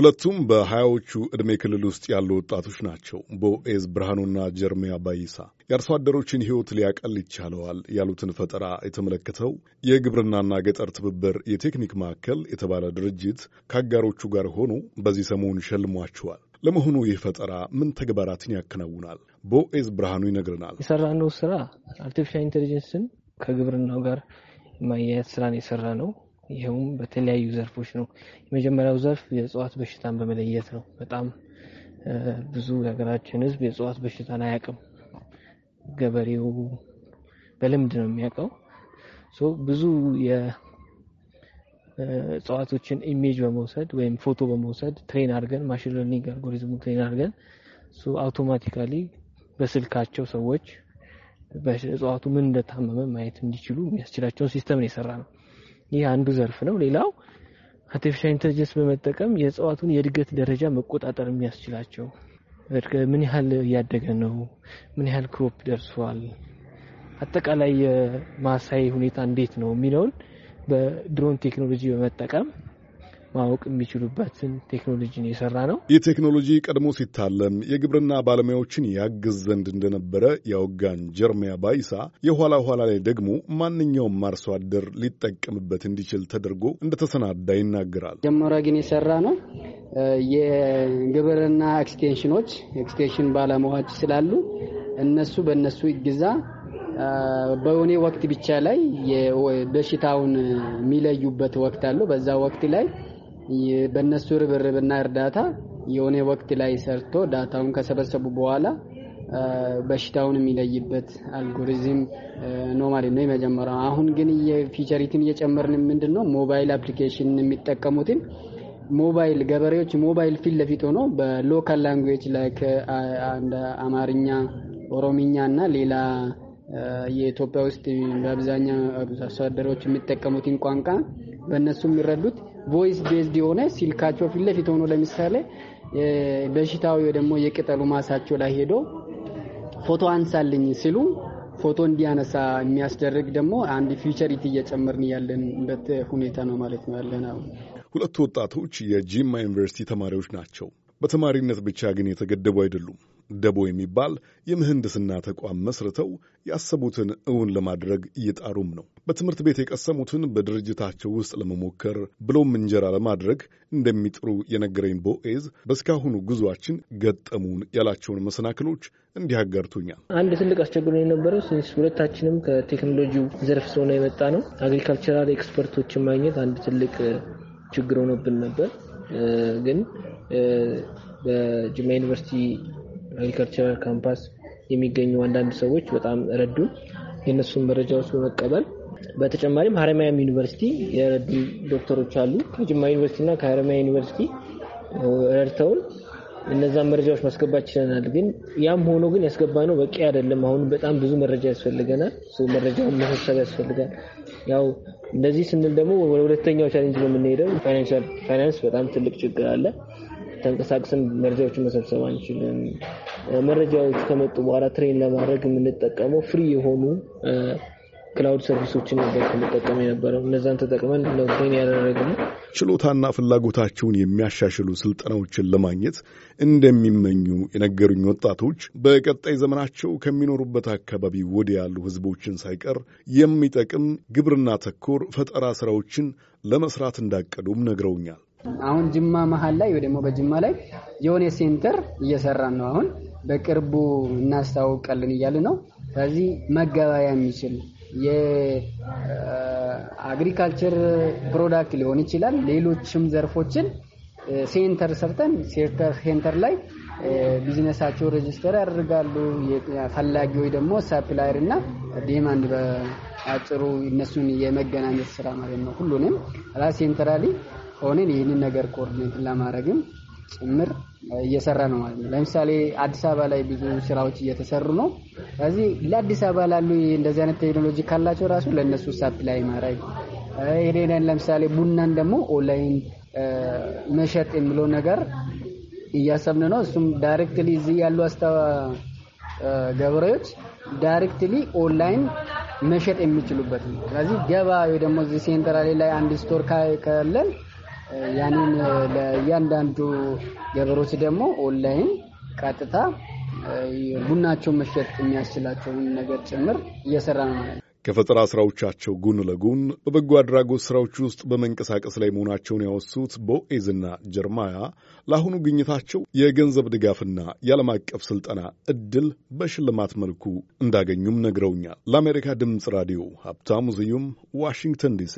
ሁለቱም በሀያዎቹ ዕድሜ ክልል ውስጥ ያሉ ወጣቶች ናቸው። ቦኤዝ ብርሃኑና ጀርሚያ ባይሳ የአርሶ አደሮችን ሕይወት ሊያቀል ይቻለዋል ያሉትን ፈጠራ የተመለከተው የግብርናና ገጠር ትብብር የቴክኒክ ማዕከል የተባለ ድርጅት ከአጋሮቹ ጋር ሆኖ በዚህ ሰሞን ሸልሟቸዋል። ለመሆኑ ይህ ፈጠራ ምን ተግባራትን ያከናውናል? ቦኤዝ ብርሃኑ ይነግረናል። የሰራነው ስራ አርቲፊሻል ኢንቴሊጀንስን ከግብርናው ጋር ማያያዝ ስራን የሰራ ነው። ይኸውም በተለያዩ ዘርፎች ነው። የመጀመሪያው ዘርፍ የእጽዋት በሽታን በመለየት ነው። በጣም ብዙ የሀገራችን ሕዝብ የእጽዋት በሽታን አያውቅም። ገበሬው በልምድ ነው የሚያውቀው። ብዙ የእጽዋቶችን ኢሜጅ በመውሰድ ወይም ፎቶ በመውሰድ ትሬን አድርገን ማሽን ለርኒንግ አልጎሪዝሙ ትሬን አድርገን አውቶማቲካሊ በስልካቸው ሰዎች እጽዋቱ ምን እንደታመመ ማየት እንዲችሉ የሚያስችላቸውን ሲስተም ነው የሰራ ነው። ይህ አንዱ ዘርፍ ነው። ሌላው አርቲፊሻል ኢንተለጀንስ በመጠቀም የእጽዋቱን የእድገት ደረጃ መቆጣጠር የሚያስችላቸው ምን ያህል እያደገ ነው፣ ምን ያህል ክሮፕ ደርሷል፣ አጠቃላይ የማሳይ ሁኔታ እንዴት ነው የሚለውን በድሮን ቴክኖሎጂ በመጠቀም ማወቅ የሚችሉበትን ቴክኖሎጂን የሰራ ነው። ይህ ቴክኖሎጂ ቀድሞ ሲታለም የግብርና ባለሙያዎችን ያግዝ ዘንድ እንደነበረ ያወጋን ጀርሚያ ባይሳ የኋላ ኋላ ላይ ደግሞ ማንኛውም አርሶ አደር ሊጠቀምበት እንዲችል ተደርጎ እንደተሰናዳ ይናገራል። ጀመረ ግን የሰራ ነው። የግብርና ኤክስቴንሽኖች ኤክስቴንሽን ባለሙያዎች ስላሉ እነሱ በእነሱ እገዛ በሆኔ ወቅት ብቻ ላይ በሽታውን የሚለዩበት ወቅት አለው። በዛ ወቅት ላይ በእነሱ ርብርብና እርዳታ የሆነ ወቅት ላይ ሰርቶ ዳታውን ከሰበሰቡ በኋላ በሽታውን የሚለይበት አልጎሪዝም ነው ማለት ነው የመጀመሪያ። አሁን ግን የፊቸሪትን እየጨመርን ምንድን ነው ሞባይል አፕሊኬሽን የሚጠቀሙትን ሞባይል ገበሬዎች ሞባይል ፊት ለፊት ሆኖ በሎካል ላንጉዌጅ ላይ አማርኛ፣ ኦሮሚኛ እና ሌላ የኢትዮጵያ ውስጥ በአብዛኛው አርሶ አደሮች የሚጠቀሙትን ቋንቋ በእነሱ የሚረዱት ቮይስ ቤዝድ የሆነ ሲልካቸው ፊት ለፊት ሆኖ ለምሳሌ በሽታዊ ደግሞ የቅጠሉ ማሳቸው ላይ ሄዶ ፎቶ አንሳልኝ ሲሉ ፎቶ እንዲያነሳ የሚያስደርግ ደግሞ አንድ ፊቸሪቲ እየጨመርን ያለንበት ሁኔታ ነው ማለት ነው ያለን። ሁለቱ ወጣቶች የጂማ ዩኒቨርሲቲ ተማሪዎች ናቸው። በተማሪነት ብቻ ግን የተገደቡ አይደሉም። ደቦ የሚባል የምህንድስና ተቋም መስርተው ያሰቡትን እውን ለማድረግ እየጣሩም ነው። በትምህርት ቤት የቀሰሙትን በድርጅታቸው ውስጥ ለመሞከር ብሎም እንጀራ ለማድረግ እንደሚጥሩ የነገረኝ ቦኤዝ በእስካሁኑ ጉዞአችን ገጠሙን ያላቸውን መሰናክሎች እንዲህ አጋርቶኛል። አንድ ትልቅ አስቸግሮ የነበረው ሁለታችንም ከቴክኖሎጂው ዘርፍ ስለሆነ የመጣ ነው። አግሪካልቸራል ኤክስፐርቶችን ማግኘት አንድ ትልቅ ችግር ሆኖብን ነበር ግን በጅማ ዩኒቨርሲቲ አግሪካልቸራል ካምፓስ የሚገኙ አንዳንድ ሰዎች በጣም ረዱን። የእነሱን መረጃዎች በመቀበል በተጨማሪም ሀረማያም ዩኒቨርሲቲ የረዱ ዶክተሮች አሉ። ከጅማ ዩኒቨርሲቲና ከሀረማያ ዩኒቨርሲቲ ረድተውን እነዛን መረጃዎች ማስገባት ችለናል። ግን ያም ሆኖ ግን ያስገባ ነው በቂ አይደለም። አሁን በጣም ብዙ መረጃ ያስፈልገናል። መረጃ መሰብሰብ ያስፈልጋል። ያው እንደዚህ ስንል ደግሞ ወደ ሁለተኛው ቻሌንጅ በምንሄደው ፋይናንስ በጣም ትልቅ ችግር አለ። ተንቀሳቀስን መረጃዎችን መሰብሰብ አንችልም። መረጃዎች ከመጡ በኋላ ትሬን ለማድረግ የምንጠቀመው ፍሪ የሆኑ ክላውድ ሰርቪሶችን ነበር ከመጠቀም የነበረው። እነዛን ተጠቅመን ነው ትሬን ያደረግነው። ችሎታና ፍላጎታቸውን የሚያሻሽሉ ስልጠናዎችን ለማግኘት እንደሚመኙ የነገሩኝ ወጣቶች በቀጣይ ዘመናቸው ከሚኖሩበት አካባቢ ወደ ያሉ ሕዝቦችን ሳይቀር የሚጠቅም ግብርና ተኮር ፈጠራ ስራዎችን ለመስራት እንዳቀዱም ነግረውኛል። አሁን ጅማ መሀል ላይ ወይ ደግሞ በጅማ ላይ የሆነ ሴንተር እየሰራን ነው። አሁን በቅርቡ እናስታውቀልን እያለ ነው። ከዚህ መገበያ የሚችል የአግሪካልቸር ፕሮዳክት ሊሆን ይችላል። ሌሎችም ዘርፎችን ሴንተር ሰርተን ሴንተር ላይ ቢዝነሳቸው ሬጅስተር ያደርጋሉ። ፈላጊዎች ደግሞ ሳፕላየር እና ዲማንድ አጭሩ እነሱን የመገናኘት ስራ ማለት ነው። ሁሉንም ራሴ ሴንትራሊ ሆነን ይህንን ነገር ኮኦርዲኔት ለማድረግም ጭምር እየሰራ ነው ማለት ነው። ለምሳሌ አዲስ አበባ ላይ ብዙ ስራዎች እየተሰሩ ነው። ስለዚህ ለአዲስ አበባ ላሉ እንደዚህ አይነት ቴክኖሎጂ ካላቸው ራሱ ለእነሱ ሳፕላይ ማድረግ ይሄንን ለምሳሌ ቡናን ደግሞ ኦንላይን መሸጥ የሚለው ነገር እያሰብን ነው። እሱም ዳይሬክትሊ እዚህ ያሉ ገበሬዎች ዳይሬክትሊ ኦንላይን መሸጥ የሚችሉበት ነው። ስለዚህ ገበያ ደግሞ እዚህ ሴንትራሌ ላይ አንድ ስቶር ካለን ያንን ለእያንዳንዱ ገበሮች ደግሞ ኦንላይን ቀጥታ ቡናቸው መሸጥ የሚያስችላቸውን ነገር ጭምር እየሰራ ነው ማለት ነው። ከፈጠራ ሥራዎቻቸው ጎን ለጎን በበጎ አድራጎት ሥራዎች ውስጥ በመንቀሳቀስ ላይ መሆናቸውን ያወሱት ቦኤዝና ጀርማያ ለአሁኑ ግኝታቸው የገንዘብ ድጋፍና የዓለም አቀፍ ሥልጠና ዕድል በሽልማት መልኩ እንዳገኙም ነግረውኛል። ለአሜሪካ ድምፅ ራዲዮ ሀብታሙ ስዩም ዋሽንግተን ዲሲ